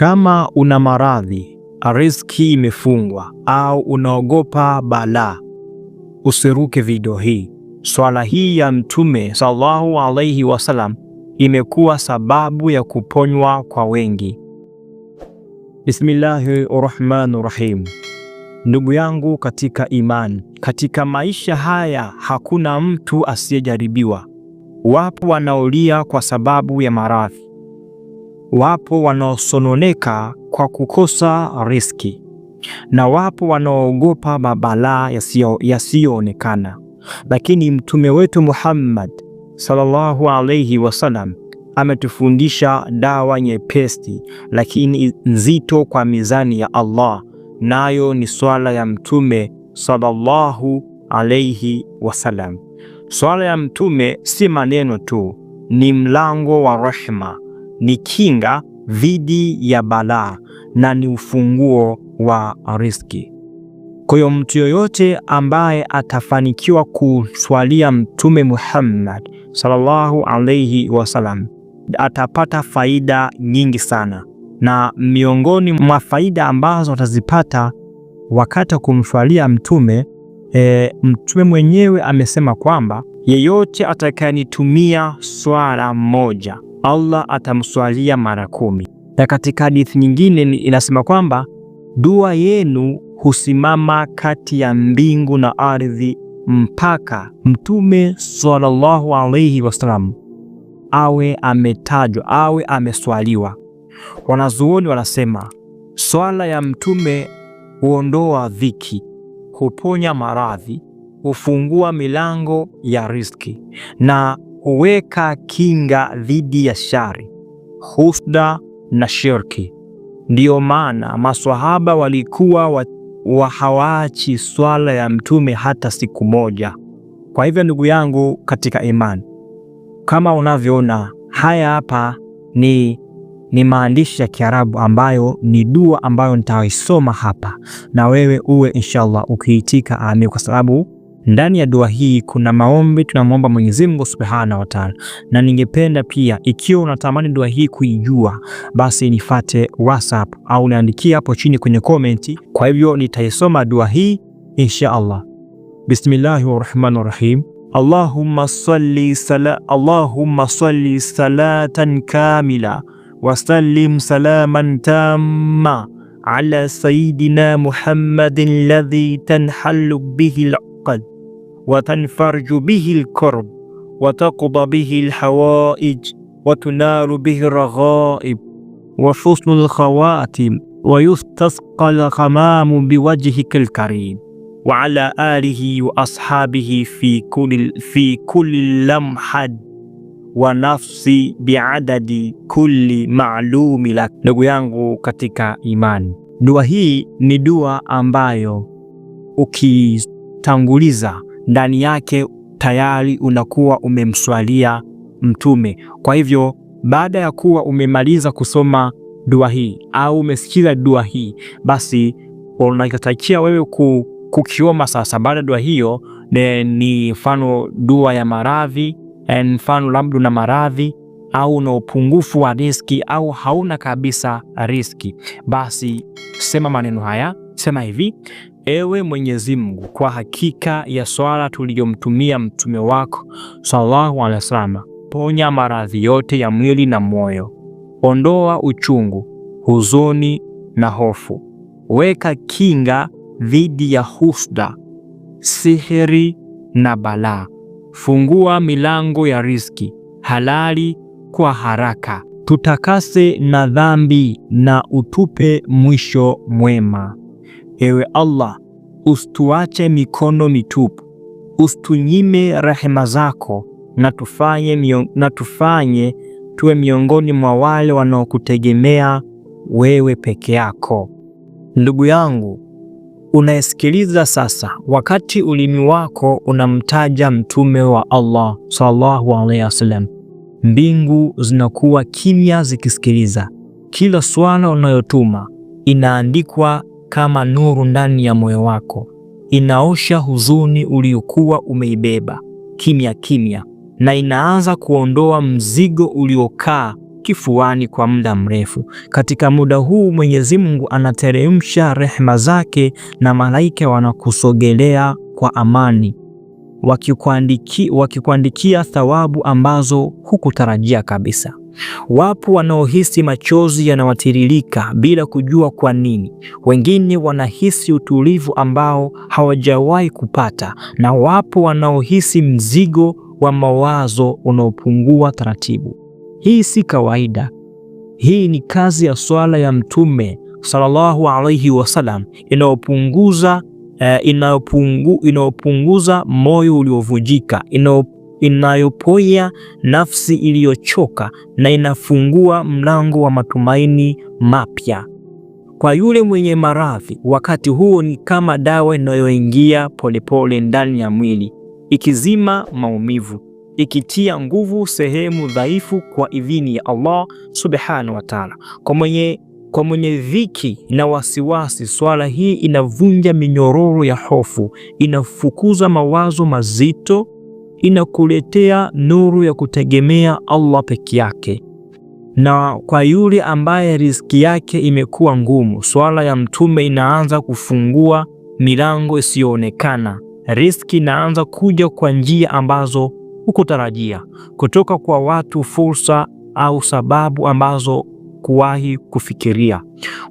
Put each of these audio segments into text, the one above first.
Kama una maradhi, riziki imefungwa au unaogopa balaa, usiruke video hii. Swala hii ya Mtume sallallahu alaihi wasallam imekuwa sababu ya kuponywa kwa wengi. Bismillahi rahmani rahim. Ndugu yangu katika imani, katika maisha haya hakuna mtu asiyejaribiwa. Wapo wanaolia kwa sababu ya maradhi wapo wanaosononeka kwa kukosa riski, na wapo wanaoogopa mabalaa yasiyoonekana ya lakini mtume wetu Muhammad sallallahu alayhi wasallam ametufundisha dawa nyepesi lakini nzito kwa mizani ya Allah, nayo ni swala ya mtume sallallahu alayhi wasallam. Swala ya mtume si maneno tu, ni mlango wa rahma ni kinga dhidi ya balaa na ni ufunguo wa riski. Kwa hiyo mtu yoyote ambaye atafanikiwa kuswalia Mtume Muhammad sallallahu alayhi wasallam atapata faida nyingi sana, na miongoni mwa faida ambazo atazipata wakati wa kumswalia Mtume e, Mtume mwenyewe amesema kwamba yeyote atakayenitumia swala moja Allah atamswalia mara kumi. Na katika hadithi nyingine inasema kwamba dua yenu husimama kati ya mbingu na ardhi mpaka Mtume sallallahu alaihi wasallam awe ametajwa, awe ameswaliwa. Wanazuoni wanasema swala ya Mtume huondoa dhiki, huponya maradhi, hufungua milango ya riziki na huweka kinga dhidi ya shari, husda na shirki. Ndiyo maana maswahaba walikuwa wa, wa hawaachi swala ya mtume hata siku moja. Kwa hivyo ndugu yangu katika imani, kama unavyoona haya hapa ni, ni maandishi ya Kiarabu ambayo ni dua ambayo nitaisoma hapa na wewe uwe inshallah ukiitika amin, kwa sababu ndani ya dua hii kuna maombi tunamwomba Mwenyezi Mungu Subhanahu wa Ta'ala, na ningependa pia, ikiwa unatamani dua hii kuijua, basi nifate WhatsApp au niandikie hapo chini kwenye komenti. Kwa hivyo nitaisoma dua hii insha Allah. Bismillahir Rahmanir Rahim. Allahumma salli sala Allahumma salli salatan kamila wa sallim salaman tamma ala sayidina Muhammadin ladhi tanhalu bihi al-uqad وتنفرج به الكرب وتقضى به الحوائج وتنال به الرغائب وحسن الخواتم ويستسقى الغمام بوجهك الكريم وعلى آله وأصحابه في كل في كل لمحة ونفسي بعدد كل معلوم لك Ndugu yangu katika imani, dua hii ni dua ambayo ukitanguliza ndani yake tayari unakuwa umemswalia mtume. Kwa hivyo baada ya kuwa umemaliza kusoma dua hii au umesikiza dua hii, basi unatakia wewe ku, kukioma sasa. Baada ya dua hiyo ni mfano dua ya maradhi, e, mfano labda una maradhi au una upungufu wa riski au hauna kabisa riski, basi sema maneno haya, sema hivi: Ewe Mwenyezi Mungu, kwa hakika ya swala tuliyomtumia mtume wako sallallahu alaihi wasallam, ponya maradhi yote ya mwili na moyo, ondoa uchungu, huzuni na hofu, weka kinga dhidi ya husda, sihiri na balaa, fungua milango ya riziki halali kwa haraka, tutakase na dhambi na utupe mwisho mwema. Ewe Allah, usituache mikono mitupu, usitunyime rehema zako na tufanye, na tufanye tuwe miongoni mwa wale wanaokutegemea wewe peke yako. Ndugu yangu unayesikiliza sasa, wakati ulimi wako unamtaja mtume wa Allah sallallahu alaihi wasallam, mbingu zinakuwa kimya zikisikiliza. Kila swala unayotuma inaandikwa kama nuru ndani ya moyo wako, inaosha huzuni uliokuwa umeibeba kimya kimya, na inaanza kuondoa mzigo uliokaa kifuani kwa muda mrefu. Katika muda huu Mwenyezi Mungu anateremsha rehema zake na malaika wanakusogelea kwa amani, wakikuandiki, wakikuandikia thawabu ambazo hukutarajia kabisa. Wapo wanaohisi machozi yanawatiririka bila kujua kwa nini. Wengine wanahisi utulivu ambao hawajawahi kupata, na wapo wanaohisi mzigo wa mawazo unaopungua taratibu. Hii si kawaida. Hii ni kazi ya swala ya Mtume sallallahu alayhi wasallam inayopunguza uh, inayopungu, inayopunguza moyo uliovunjika, inayopunguza inayopoya nafsi iliyochoka na inafungua mlango wa matumaini mapya. Kwa yule mwenye maradhi, wakati huo ni kama dawa inayoingia polepole ndani ya mwili, ikizima maumivu, ikitia nguvu sehemu dhaifu kwa idhini ya Allah subhanahu wa ta'ala. Kwa mwenye kwa mwenye dhiki na wasiwasi, swala hii inavunja minyororo ya hofu, inafukuza mawazo mazito inakuletea nuru ya kutegemea Allah peke yake. Na kwa yule ambaye riziki yake imekuwa ngumu, swala ya Mtume inaanza kufungua milango isiyoonekana. Riziki inaanza kuja kwa njia ambazo hukutarajia, kutoka kwa watu, fursa au sababu ambazo kuwahi kufikiria.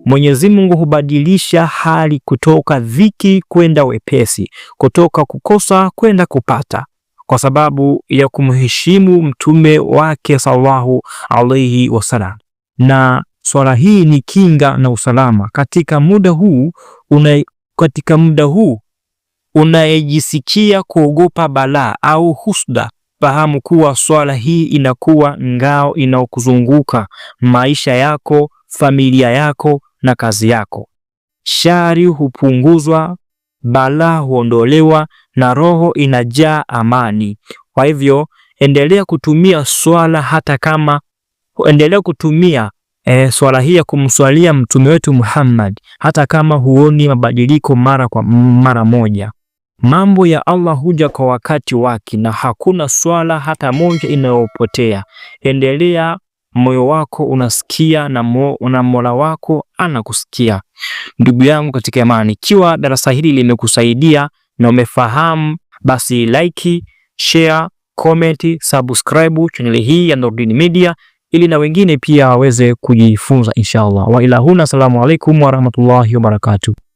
Mwenyezi Mungu hubadilisha hali kutoka dhiki kwenda wepesi, kutoka kukosa kwenda kupata kwa sababu ya kumheshimu mtume wake sallallahu alaihi wasallam, na swala hii ni kinga na usalama katika muda huu una, katika muda huu unayejisikia kuogopa balaa au husda, fahamu kuwa swala hii inakuwa ngao inaokuzunguka maisha yako, familia yako na kazi yako. Shari hupunguzwa, balaa huondolewa na roho inajaa amani. Kwa hivyo endelea kutumia swala hata kama endelea kutumia e, swala hii ya kumswalia mtume wetu Muhammad hata kama huoni mabadiliko mara kwa mara moja. Mambo ya Allah huja kwa wakati wake na hakuna swala hata moja inayopotea. Endelea, moyo wako unasikia na, mo, na Mola wako anakusikia. Ndugu yangu katika imani, ikiwa darasa hili limekusaidia na umefahamu, basi like, share, comment, subscribe chaneli hii ya Nurdin Media ili na wengine pia waweze kujifunza inshallah. Wa ilahuna, assalamu alaikum warahmatullahi wabarakatuh.